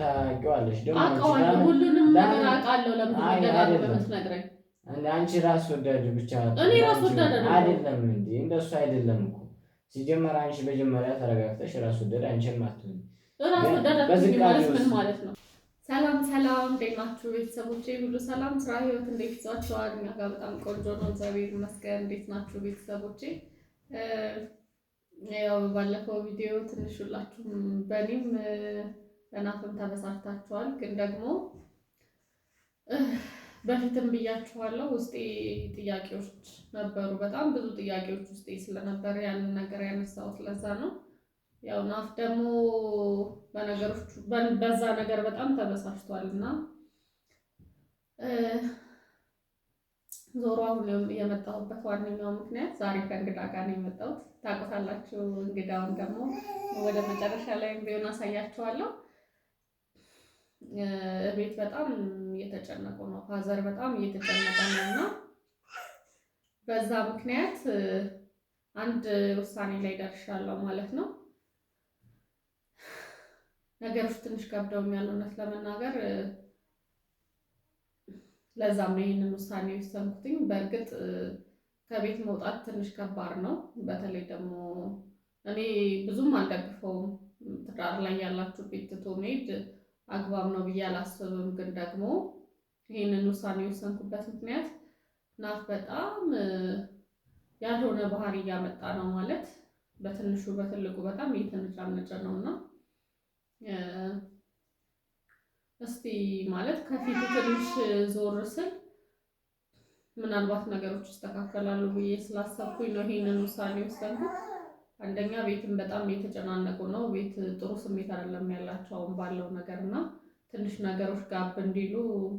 ታውቂዋለሽ። ሁሉንም አንቺ ራስ ወዳድ ብቻ አይደለም እንዴ? እንደሱ አይደለም እኮ ሲጀመር። አንቺ መጀመሪያ ተረጋግተሽ ራስ ወዳድ አንቺም አትሆኝ። ሰላም ሰላም፣ እንዴት ናችሁ ቤተሰቦቼ? ሁሉ ሰላም፣ ስራ ህይወት እንዴት ይዟችኋል? እኛ ጋር በጣም ቆንጆ ነው፣ እግዚአብሔር ይመስገን። እንዴት ናችሁ ቤተሰቦቼ? ያው ባለፈው ቪዲዮ ትንሽ ሁላችሁም በእኔም እናንተም ተበሳጭታችኋል። ግን ደግሞ በፊትም ብያችኋለሁ ውስጤ ጥያቄዎች ነበሩ። በጣም ብዙ ጥያቄዎች ውስጤ ስለነበረ ያንን ነገር ያነሳሁት ለዛ ነው። ያው ናፍ ደግሞ በነገሮች በዛ ነገር በጣም ተበሳጭቷል እና ዞሮ አሁን የመጣሁበት ዋነኛው ምክንያት ዛሬ ከእንግዳ ጋር ነው የመጣሁት። ታውቁታላችሁ። እንግዳውን ደግሞ ወደ መጨረሻ ላይ ቢሆን አሳያችኋለሁ። ቤት በጣም እየተጨነቁ ነው። ፋዘር በጣም እየተጨነቀ ነው እና በዛ ምክንያት አንድ ውሳኔ ላይ ደርሻለሁ ማለት ነው። ነገሮች ትንሽ ከብደውም ያለው እውነት ለመናገር ለዛም ነው ይህንን ውሳኔ የወሰንኩትኝ። በእርግጥ ከቤት መውጣት ትንሽ ከባድ ነው። በተለይ ደግሞ እኔ ብዙም አልደግፈውም። ትዳር ላይ ያላችሁ ቤት ትቶ መሄድ አግባብ ነው ብዬ አላስብም። ግን ደግሞ ይህንን ውሳኔ የወሰንኩበት ምክንያት ናት በጣም ያልሆነ ባህሪ እያመጣ ነው ማለት በትንሹ በትልቁ በጣም እየተነጫነጨ ነው እና እስቲ ማለት ከፊቱ ትንሽ ዞር ስል ምናልባት ነገሮች ይስተካከላሉ ብዬ ስላሰብኩኝ ነው ይሄንን ውሳኔ ወሰንኩት። አንደኛ ቤትም በጣም የተጨናነቁ ነው። ቤት ጥሩ ስሜት አይደለም ያላቸውም ባለው ነገር እና ትንሽ ነገሮች ጋብ እንዲሉ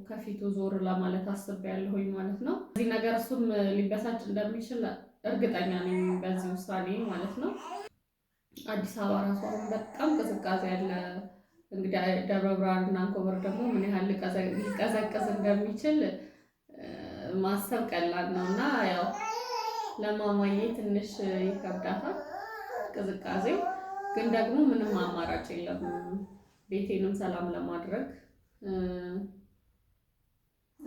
ከፊቱ ዞር ለማለት አስቤያለሁኝ ማለት ነው። እዚህ ነገር እሱም ሊበሳጭ እንደሚችል እርግጠኛ ነኝ በዚህ ውሳኔ ማለት ነው። አዲስ አበባ ራሱ አሁን በጣም ቅዝቃዜ ያለ እንግዲህ ደብረ ብርሃን እና አንኮበር ደግሞ ምን ያህል ሊቀዘቅዝ እንደሚችል ማሰብ ቀላል ነው እና ያው ለማማዬ ትንሽ ይከብዳታል። ቅዝቃዜው፣ ግን ደግሞ ምንም አማራጭ የለም። ቤቴንም ሰላም ለማድረግ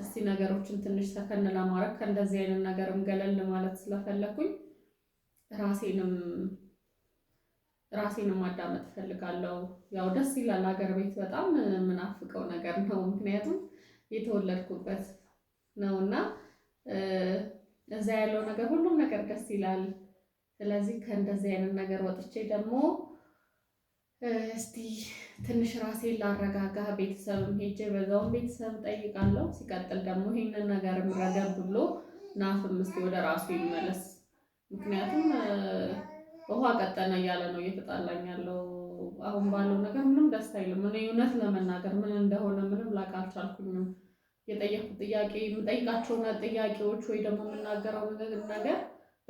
እስቲ ነገሮችን ትንሽ ሰከን ለማድረግ ከእንደዚህ አይነት ነገርም ገለል ማለት ስለፈለኩኝ ራሴንም ራሴንም ማዳመጥ እፈልጋለሁ። ያው ደስ ይላል። ሀገር ቤት በጣም የምናፍቀው ነገር ነው፣ ምክንያቱም የተወለድኩበት ነው እና እዛ ያለው ነገር ሁሉም ነገር ደስ ይላል። ስለዚህ ከእንደዚህ አይነት ነገር ወጥቼ ደግሞ እስቲ ትንሽ ራሴን ላረጋጋ፣ ቤተሰብም ሄጄ በዛውም ቤተሰብ ጠይቃለሁ። ሲቀጥል ደግሞ ይህንን ነገርም ረገብ ብሎ ናፍም እስቲ ወደ ራሱ ይመለስ። ምክንያቱም ውሃ ቀጠነ እያለ ነው እየተጣላኝ ያለው። አሁን ባለው ነገር ምንም ደስ አይልም። እኔ እውነት ለመናገር ምን እንደሆነ ምንም ላቃልቻልኩኝም? አልቻልኩኝም። የጠየኩት ጥያቄ የምጠይቃቸውና ጥያቄዎች ወይ ደግሞ የምናገረው ነገር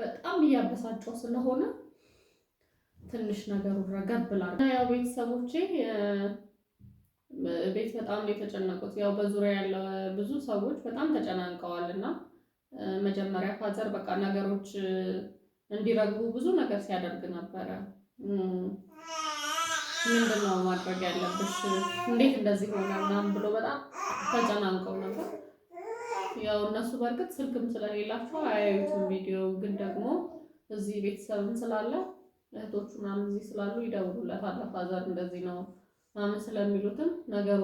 በጣም እያበሳጨው ስለሆነ ትንሽ ነገሩ ረገብ ብላል። ያው ቤተሰቦቼ ቤት በጣም ነው የተጨነቁት። ያው በዙሪያ ያለ ብዙ ሰዎች በጣም ተጨናንቀዋል እና መጀመሪያ ፋዘር በቃ ነገሮች እንዲረግቡ ብዙ ነገር ሲያደርግ ነበረ። ምንድነው ማድረግ ያለብሽ፣ እንዴት እንደዚህ ሆነ ምናምን ብሎ በጣም ተጨናንቀው ነበር። ያው እነሱ በእርግጥ ስልክም ስለሌላቸው አያዩትም ቪዲዮ ግን ደግሞ እዚህ ቤተሰብም ስላለ እህቶቹ ምናምን እዚህ ስላሉ ይደውሉለታል። ፋዘር እንደዚህ ነው ምናምን ስለሚሉትም ነገሩ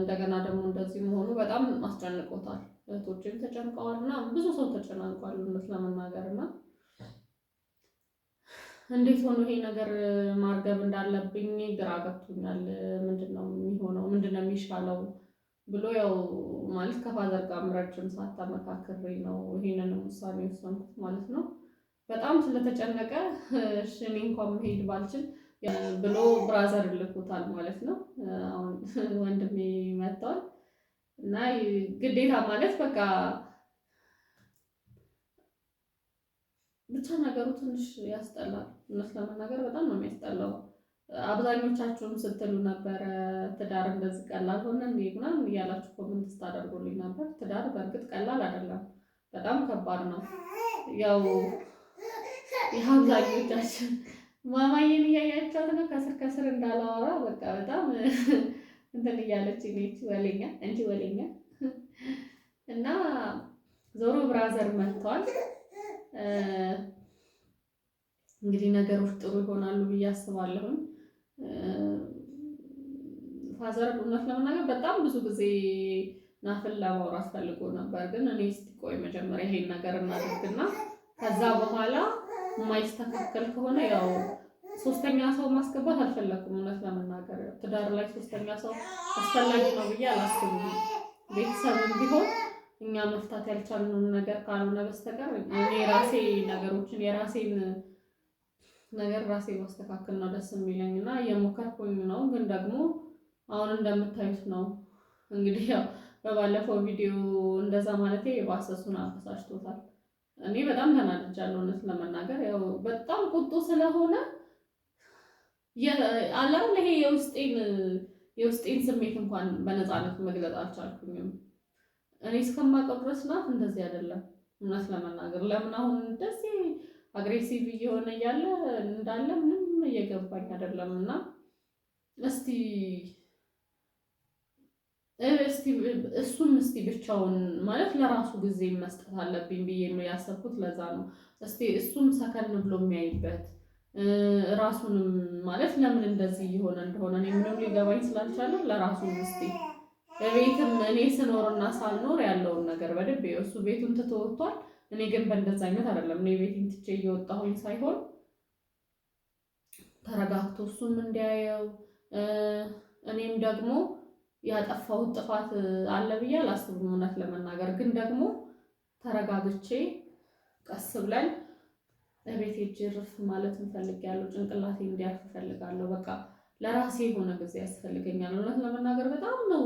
እንደገና ደግሞ እንደዚህ መሆኑ በጣም አስጨንቆታል። እህቶችም ተጨንቀዋል እና ብዙ ሰው ተጨናንቋል። እውነት ለመናገር እና እንዴት ሆኖ ይሄ ነገር ማርገብ እንዳለብኝ ግራ ገብቶኛል። ምንድን ነው የሚሆነው? ምንድን ነው የሚሻለው? ብሎ ያው ማለት ከፋዘር ጋር ምራችን ሳታመካክሬ ነው ይሄንን ውሳኔ ወሰንኩት ማለት ነው። በጣም ስለተጨነቀ እሺ እኔ እንኳን መሄድ ባልችል ብሎ ብራዘር ልኩታል ማለት ነው። አሁን ወንድሜ መጥቷል እና ግዴታ ማለት በቃ ብቻ ነገሩ ትንሽ ያስጠላል። እነሱ ለመናገር በጣም ነው የሚያስጠላው። አብዛኞቻችሁም ስትሉ ነበረ ትዳር እንደዚህ ቀላል ሆነ እንዴ ምናምን እያላችሁ ኮሜንት ስታደርጉልኝ ነበር። ትዳር በእርግጥ ቀላል አይደለም፣ በጣም ከባድ ነው። ያው የአብዛኞቻችን ማማዬን እያያቸዋት ነው ከስር ከስር እንዳላወራ በቃ በጣም እንትን እያለች ኔች ወለኛ እንጂ ወለኛ እና ዞሮ ብራዘር መጥቷል። እንግዲህ ነገሮች ጥሩ ይሆናሉ ብዬ አስባለሁኝ። ፋዘር እውነት ለመናገር በጣም ብዙ ጊዜ ናፍን ለማውራት ፈልጎ ነበር፣ ግን እኔ እስቲ ቆይ መጀመሪያ ይሄን ነገር እናድርግና ከዛ በኋላ የማይስተካከል ከሆነ ያው ሶስተኛ ሰው ማስገባት አልፈለግኩም። እውነት ለመናገር ትዳር ላይ ሶስተኛ ሰው አስፈላጊ ነው ብዬ አላስብም። ቤተሰብም ቢሆን እኛ መፍታት ያልቻልነውን ነገር ካልሆነ በስተቀር እኔ የራሴ ነገሮችን የራሴን ነገር ራሴ ማስተካከል ነው ደስ የሚለኝ እና እየሞከርኩኝ ነው። ግን ደግሞ አሁን እንደምታዩት ነው እንግዲህ ያው በባለፈው ቪዲዮ እንደዛ ማለት የባሰሱን አበሳጭቶታል። እኔ በጣም ተናድጃለሁ እውነት ለመናገር ያው በጣም ቁጡ ስለሆነ አላም ይሄ የውስጤን የውስጤን ስሜት እንኳን በነፃነት መግለጽ አልቻልኩኝም። እኔ እስከማውቀው ድረስ ናት እንደዚህ አይደለም እውነት ለመናገር ለምን አሁን ደስ አግሬሲቭ እየሆነ እያለ እንዳለ ምንም እየገባኝ አይደለም። እና እስቲ እስቲ እሱም እስቲ ብቻውን ማለት ለራሱ ጊዜ መስጠት አለብኝ ብዬ ነው ያሰብኩት። ለዛ ነው እስቲ እሱም ሰከን ብሎ የሚያይበት ራሱንም ማለት ለምን እንደዚህ እየሆነ እንደሆነ እኔ ምንም ሊገባኝ ስላልቻለ ለራሱ እስቲ ቤትም እኔ ስኖርና ሳልኖር ያለውን ነገር በደንብ እሱ ቤቱን ትቶ ወጥቷል። እኔ ግን በእንደዛ አይነት አይደለም። እኔ ቤቴን ትቼ እየወጣሁኝ ሳይሆን ተረጋግቶ እሱም እንዲያየው እኔም ደግሞ ያጠፋሁት ጥፋት አለ ብዬ አላስብም። እውነት ለመናገር ግን ደግሞ ተረጋግቼ ቀስ ብለን ቤቴ ጅርፍ ማለት እንፈልጋለሁ። ጭንቅላቴ እንዲያርፍ እፈልጋለሁ። በቃ ለራሴ የሆነ ጊዜ ያስፈልገኛል። እውነት ለመናገር በጣም ነው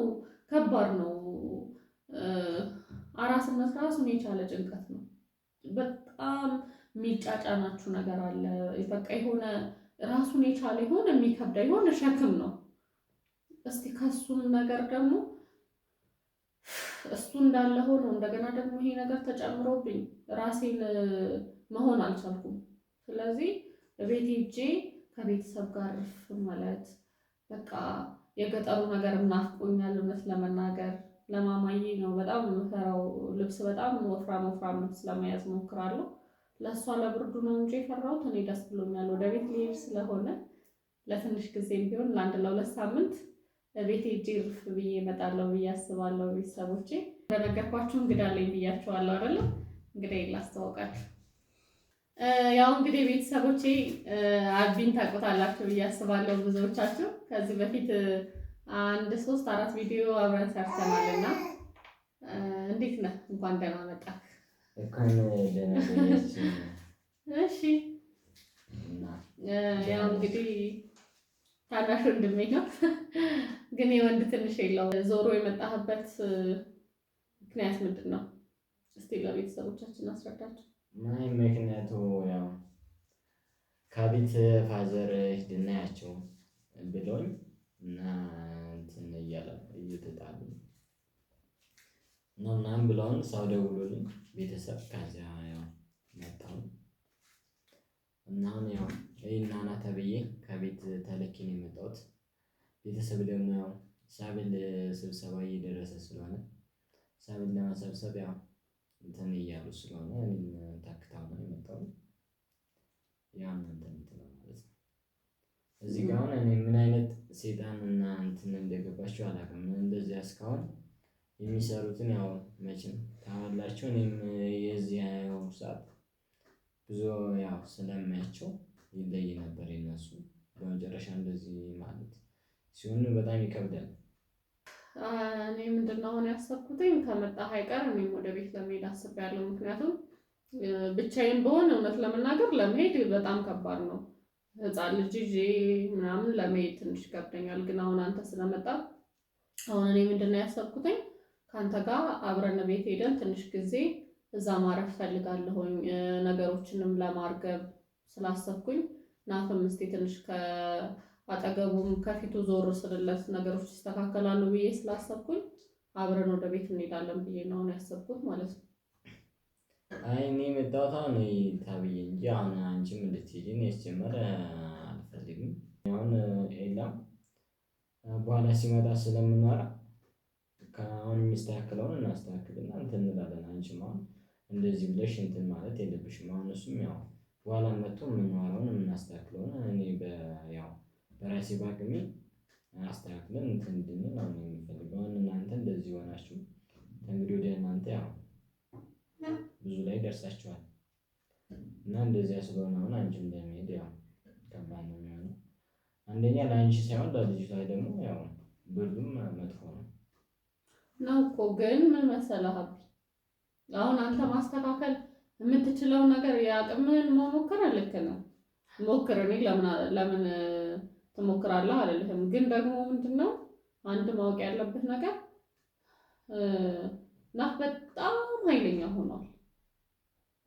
ከባድ ነው። አራስነት ራሱን የቻለ ጭንቀት ነው። በጣም የሚጫጫናችሁ ነገር አለ። በቃ የሆነ ራሱን የቻለ የሆነ የሚከብዳ የሆነ ሸክም ነው። እስቲ ከሱም ነገር ደግሞ እሱ እንዳለ ሆኖ እንደገና ደግሞ ይሄ ነገር ተጨምሮብኝ ራሴን መሆን አልቻልኩም። ስለዚህ ቤት ሄጄ ከቤተሰብ ጋር ማለት በቃ የገጠሩ ነገር እናፍቆኛል እውነት ለመናገር ለማማዬ ነው በጣም የምፈራው ልብስ በጣም ወፍራም ወፍራም ልብስ ለመያዝ ሞክራለሁ። ለእሷ ለብርዱ ነው እንጂ የፈራሁት እኔ ደስ ብሎኛል። ወደ ቤት ልሄድ ስለሆነ ለትንሽ ጊዜም ቢሆን ለአንድ ለሁለት ሳምንት ቤት ሄጄ ብዬ እመጣለሁ ብዬ አስባለሁ። ቤተሰቦቼ እንደነገርኳችሁ እንግዳ ላይ ብያቸዋለሁ አይደለም? እንግዲህ ላስተዋውቃችሁ። ያው እንግዲህ ቤተሰቦቼ አቢን ታውቁታላችሁ ብዬ አስባለሁ ብዙዎቻችሁ ከዚህ በፊት አንድ ሶስት አራት ቪዲዮ አብረን ሰርተናል እና እንዴት ነህ? እንኳን ደህና መጣህ። እሺ ያው እንግዲህ ታናሽ ወንድሜ ነው፣ ግን የወንድ ትንሽ የለው። ዞሮ የመጣህበት ምክንያት ምንድን ነው? እስቲ ለቤተሰቦቻችን አስረዳቸው። ማይ ምክንያቱ ያው ከቤት ፋዘር ሂድና ያቸው ብሎኝ እና እነ እያለ እየተጣሉ እና ምናምን ብለውን ሰው ደውሎልኝ ቤተሰብ ከዚያ ያው መጣው እና ያው እናና ና ተብዬ ከቤት ተልኬ ነው የመጣሁት። ቤተሰብ ደግሞ ያው ሰብል ስብሰባ እየደረሰ ስለሆነ ሰብል ለመሰብሰብ ያው እንትን እያሉ ስለሆነ እኔም ታክታው ነው የመጣሁት። ያም እንትን እዚህ ጋር አሁን እኔ ምን አይነት ሰይጣን እና እንትን እንደገባችሁ አላውቅም። እንደዚያ እስካሁን የሚሰሩትን ያው መቼም ታውቃላችሁ እኔም የዚህ ያው ሰዓት ብዙ ያው ስለማያቸው ይለይ ነበር የነሱ በመጨረሻ እንደዚህ ማለት ሲሆን በጣም ይከብዳል። እኔ ምንድነው አሁን ያሰብኩትኝ ከመጣህ አይቀር እኔም ወደ ቤት ለመሄድ አስቤያለሁ። ምክንያቱም ብቻዬን በሆን እውነት ለመናገር ለመሄድ በጣም ከባድ ነው። ህፃን ልጅ ይዤ ምናምን ለመሄድ ትንሽ ይከብደኛል። ግን አሁን አንተ ስለመጣ አሁን እኔ ምንድነው ያሰብኩትኝ ከአንተ ጋር አብረን ቤት ሄደን ትንሽ ጊዜ እዛ ማረፍ ፈልጋለሁኝ ነገሮችንም ለማርገብ ስላሰብኩኝ ናትም እስኪ ትንሽ ከአጠገቡም ከፊቱ ዞር ስልለት ነገሮች ይስተካከላሉ ብዬ ስላሰብኩኝ አብረን ወደ ቤት እንሄዳለን ብዬ ነው ያሰብኩት ማለት ነው። አይ እኔ የመጣሁት አሁን ተብዬ እንጂ አሁን አንቺም እንድትሄጂ እኔ ሲጀመር አልፈልግም። አሁን ኤላም በኋላ ሲመጣ ስለምናወራ አሁን የሚስተካከለውን እናስተካክልና እንትን እንላለን። አንቺም አሁን እንደዚህ ብለሽ እንትን ማለት የለብሽም። አሁን እሱም ያው በኋላ መጥቶ የምናወራውን የምናስተካክለውን እኔ ያው በራሴ በአቅሜ አስተካክለን እንትን እንድንል አሁን የምፈልገው እናንተ እንደዚህ ሆናችሁ ከእንግዲህ ወዲያ እናንተ ያው ብዙ ላይ ደርሳችኋል እና እንደዚያ ስለሆነ አሁን አንቺም እንደሚሄድ ያው ከባድ ነው የሚሆነው። አንደኛ ለአንቺ ሳይሆን ለልጅቷ ደግሞ ያው ብርዱም መጥፎ ነው ነው እኮ ግን ምን መሰለህ አሁን አንተ ማስተካከል የምትችለው ነገር የአቅምህን መሞከር ልክ ነው። ሞክር፣ እኔ ለምን ትሞክራለህ አልልህም። ግን ደግሞ ምንድነው አንድ ማወቅ ያለብህ ነገር ናፍ በጣም ኃይለኛ ሆኗል።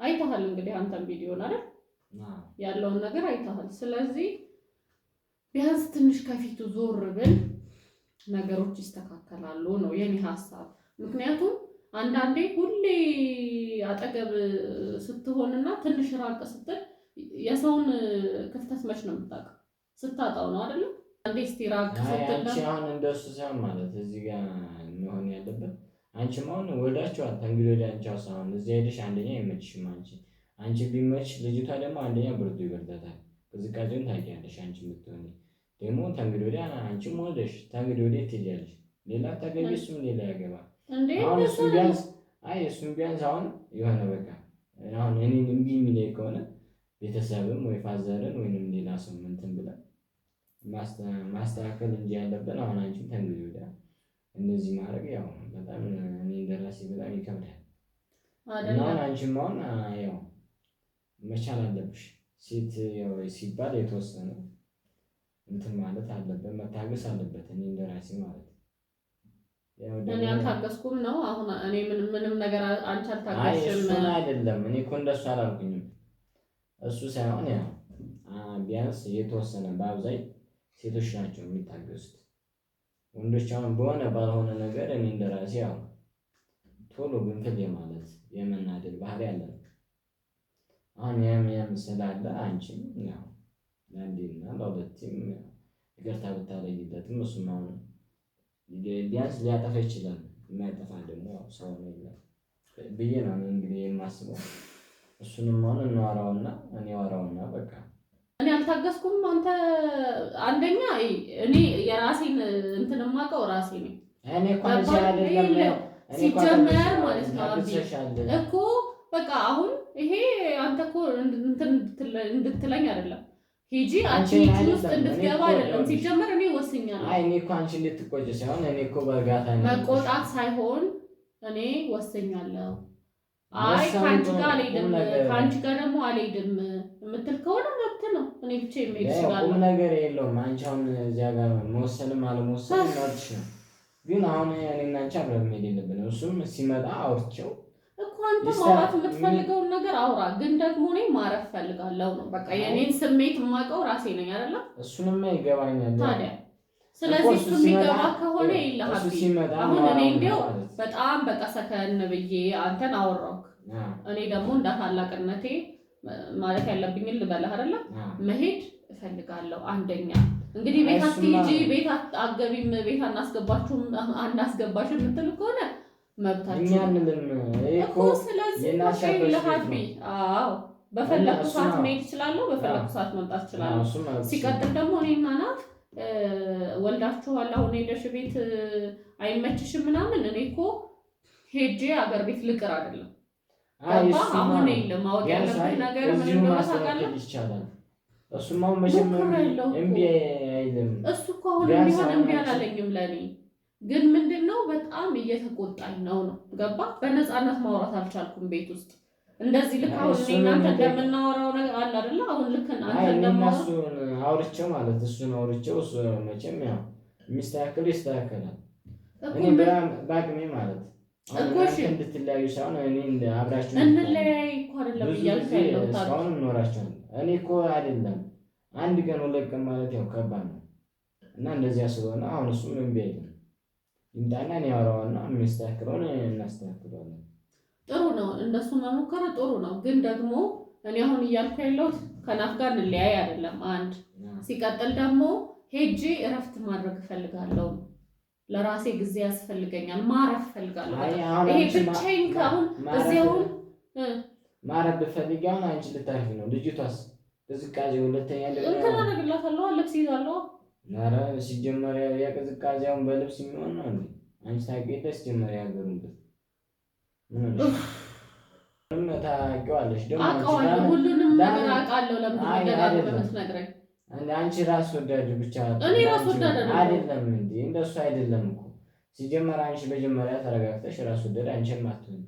አይተሃል እንግዲህ አንተም ቪዲዮን አይደል ያለውን ነገር አይተሃል። ስለዚህ ቢያንስ ትንሽ ከፊቱ ዞር ብል ነገሮች ይስተካከላሉ ነው የኔ ሀሳብ። ምክንያቱም አንዳንዴ ሁሌ አጠገብ ስትሆንና ትንሽ ራቅ ስትል የሰውን ክፍተት መች ነው የምታውቀው? ስታጣው ነው አይደለም። አንዴ እስቲ ራቅ ስትል አሁን እንደሱ ሳይሆን ማለት እዚህ ጋር መሆን ያለበት አንቺም አሁን ወልዳችኋል ከእንግዲህ ወዲያ አንቺ አሁን እዚያ ሄደሽ አንደኛ አይመችሽም አንቺ አንቺ ቢመች ልጅቷ ደግሞ አንደኛ ብርዱ ይበርዳታል ቅዝቃዜውን ታውቂያለሽ አንቺ ብትሆኚ ደግሞ ከእንግዲህ ወዲያ አንቺም ወልደሽ ከእንግዲህ ወዲህ ትሄጃለሽ ሌላ ታገቢ እሱም ሌላ ያገባል። አሁን እሱም ቢያንስ አይ እሱም ቢያንስ አሁን የሆነ በቃ አሁን እኔን እምቢ የሚለኝ ከሆነ ቤተሰብም ወይ ፋዘርን ወይንም ሌላ ሰው እንትን ብለን ማስተካከል እንጂ ያለብን አሁን አንቺም ከእንግዲህ ወዲያ እንደዚህ ማድረግ ያው በጣም እኔ በጣም ይከብዳል። እና አንቺም አሁን ያው መቻል አለብሽ። ሴት ሲባል የተወሰነ እንትን ማለት አለበት መታገስ አለበት። እኔ እንደራሴ ማለት እኔ አልታገስኩም ነው አሁን እኔ ምንም ነገር አንቺ አልታገስሽም አይደለም። እኔ እኮ እንደሱ አላልኩኝም። እሱ ሳይሆን ያው ቢያንስ የተወሰነ በአብዛኝ ሴቶች ናቸው የሚታገሱት። ወንዶች አሁን በሆነ ባልሆነ ነገር እኔ እንደራሴ ያው ቶሎ ግንፍል ማለት የመናደድ ባህሪ አለን። አሁን ያም ያም ስላለ አንቺም ያው ለአንዴና ለሁለቴም ይቅርታ ብታደርጊለትም እሱም አሁን ቢያንስ ሊያጠፋ ይችላል የማያጠፋ ደግሞ ሰው ነው የለም ብዬ ነው እንግዲህ የማስበው። እሱንም አሁን እናወራውና እኔ አወራውና በቃ አልታገስኩም። አንተ አንደኛ እኔ የራሴን እንትን የማውቀው ራሴ ነኝ። ሲጀመር ማለት ነው እኮ በቃ አሁን ይሄ አንተ እኮ እንድትለኝ አይደለም ሂጂ አንቺ ውስጥ እንድትገባ አይደለም። ሲጀመር እኔ ወስኛለሁ። አይ እኔ እኮ አንቺ እንድትቆጭ ሳይሆን እኔ እኮ በእርጋታ መቆጣት ሳይሆን እኔ ወስኛለሁ አይ ከአንቺ ጋር አልሄድም፣ ከአንቺ ጋር ደግሞ አልሄድም የምትል ከሆነ መብት ነው። እኔ ብቻ የሚሄድ ይችላል። ቁም ነገር የለውም። አንቺ አሁን እዚያ ጋር መወሰንም መብትሽ ነው። ግን አሁን እኔና አንቺ አብረን መሄድ እሱም ሲመጣ አውርቼው እኮ አንተ ማውራት የምትፈልገውን ነገር አውራ። ግን ደግሞ እኔ ማረፍ ፈልጋለሁ ነው በቃ። የእኔን ስሜት የማውቀው ራሴ ነኝ እሱንማ ይገባኛል ታዲያ ስለዚህ እሱ የሚገባ ከሆነ አሁን እኔ እንዲያው በጣም በቃ ሰከን ብዬ አንተን አወራው እኔ ደግሞ እንደ ታላቅነቴ ማለት ያለብኝን ልበላህ አይደለ መሄድ እፈልጋለሁ። አንደኛ እንግዲህ ቤት አትሄጂ፣ ቤት አትገቢም፣ ቤት አናስገባችሁም፣ አናስገባሽ የምትል ከሆነ መብታችሁ ስለዚህ አዎ በፈለኩ ሰዓት መሄድ እችላለሁ፣ በፈለኩ ሰዓት መምጣት እችላለሁ። ሲቀጥል ደግሞ እኔና ናት ወልዳችኋል፣ አሁን ሄደሽ ቤት አይመችሽም ምናምን እኔ እኮ ሄጄ አገር ቤት ልቅር አይደለም አሁን ለማወቅ እሱ ግን ምንድን ነው በጣም እየተቆጣኝ ነው ነው ገባ። በነፃነት ማውራት አልቻልኩም ቤት ውስጥ እንደዚህ ልክ አሁን እናንተ እንደምናወራው ነገር አለ አይደለ? አሁን ልክ እናንተ አውርቼው ማለት እሱን አውርቼው እሱ መቼም ያው የሚስተካከሉ ይስተካከላል። እኔ በአቅሜ ማለት እንድትለያዩ ሳይሆን እኔ አብራችሁ እንለያይ እኮ አይደለም እያልኩ ያለው እስካሁን እኔ እኮ አይደለም አንድ ቀን ማለት ያው ከባድ ነው እና እንደዚያ ስለሆነ አሁን እሱ ምን ይምጣና እኔ እናስተካክለዋለን። ጥሩ ነው መሞከረ ጥሩ ነው፣ ግን ደግሞ እኔ አሁን እያልኩ ያለሁት ከናፍ ጋር እንለያይ አይደለም። አንድ ሲቀጥል ደግሞ ሄጄ እረፍት ማድረግ እፈልጋለሁ። ለራሴ ጊዜ ያስፈልገኛል። ማረፍ ፈልጋለሁ። ይሄ ብቻዬን ከአሁን እዚያውን ማረፍ ብፈልግ አሁን አንቺ ልታርፊ ነው። ልጅቷስ ቅዝቃዜ ሁለተኛ እንትን አደርግላታለሁ፣ ልብስ ይዛለሁ። ኧረ ሲጀመር የቅዝቃዜ በልብስ የሚሆን ነው እንዴ? አንቺ ታውቂያለሽ። ሲጀመር ያገሩ ታውቂዋለሽ ደግሞ አውቃለሁ። ሁሉንም ነገር አውቃለሁ። ለምንድን ነው የምትነግረኝ? አንቺ ራስ ወዳድ ብቻ እኔ ራስ ወዳድ አይደለም እንዴ? እንደሱ አይደለም እኮ ሲጀመር፣ አንቺ መጀመሪያ ተረጋግተሽ ራስ ወዳድ አንቺም አትሆኝ።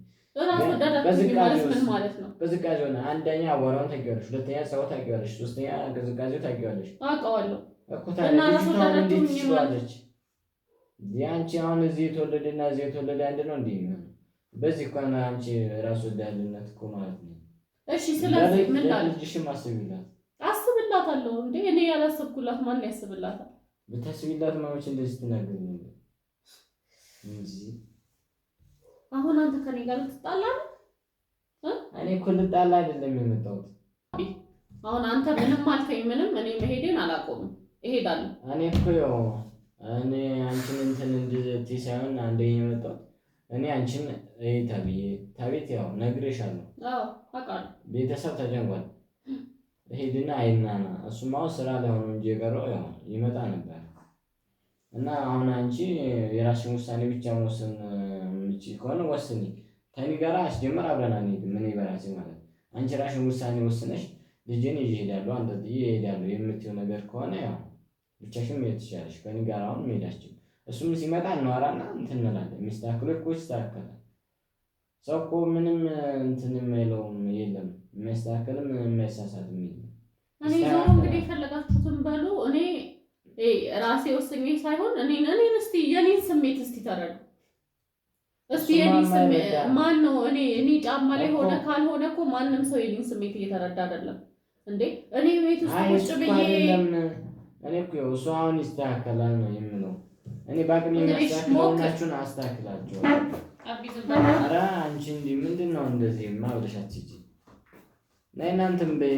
በዝቃዜ ሆነ አንደኛ አቧራውን ታውቂዋለሽ፣ ሁለተኛ ሰው ታውቂዋለሽ፣ ሶስተኛ ቅዝቃዜው ታውቂዋለሽ። አውቀዋለሁ እኮ አንቺ አሁን እዚህ የተወለደ እና እዚህ የተወለደ አንድ ነው እንዴ? በዚህ እንኳን አንቺ ራስ ወዳድነት እኮ ማለት ነው። እሺ፣ ስለዚህ ምን ላልልጅሽም አስቢላት አለው እንዴ እኔ ያላሰብኩላት ማን ያስብላታል? ብታስቢላት ማመች እንደዚህ ትናገር እንጂ አሁን አንተ ከኔ ጋር ልትጣላ እኔ እኮ ልጣላ አይደለም የመጣሁት። አሁን አንተ ምንም አልከኝ ምንም፣ እኔ መሄድን አላቆምም፣ እሄዳለሁ። እኔ እኮ ያው እኔ አንቺን እንትን እንድትይ ሳይሆን አንደኛ የመጣሁት እኔ አንቺን እይ ተብዬ ተቤት ያው ነግሬሻለሁ። አዎ አውቃለሁ። ቤተሰብ ተጨንቋል። ሄድና አይናና እሱም ስራ ላይ እንጂ የቀረው ያው ይመጣ ነበር። እና አሁን አንቺ የራስሽን ውሳኔ ብቻ መወሰን የምትችይ ከሆነ ወስኒ። ከእኔ ጋር ሲጀመር አብረን አንሄድም እኔ ማለት አንቺ ራስሽን ውሳኔ ወስነሽ ልጅን ይዤ እሄዳለሁ አንጠልጥዬ እሄዳለሁ የምትይው ነገር ከሆነ ያው ብቻሽን መሄድ ትችያለሽ። ከእኔ ጋር አሁን መሄድ እሱም ሲመጣ እናወራና እንትን እንላለን። የሚስተካከለው እኮ ይስተካከላል። ሰው እኮ ምንም እንትን የለውም የለም የሚያስተካከልም የሚያሳሳትም የለም። እኔ ዞሮ እንግዲህ የፈለጋችሁትን በሉ። እኔ ራሴ ወስኜ ሳይሆን እኔን እኔን እስቲ የኔን ስሜት እስቲ ተረዱ። እስቲ የኔን ስሜት ማን ነው? እኔ እኔ ጫማ ላይ ሆነ ካልሆነ እኮ ማንም ሰው የኔን ስሜት እየተረዳ አይደለም እንዴ። እኔ ቤት ውስጥ ቁጭ ብዬ እኔ እኮ እሱ አሁን ይስተካከላል ነው የምለው። እኔ በአቅሜ የሚያስተካክላችሁን አስተካክላቸው። ኧረ አንቺ እንዲህ ምንድን ነው እንደዚህ ማ ብለሻት ሂጂ నేను అంతంబి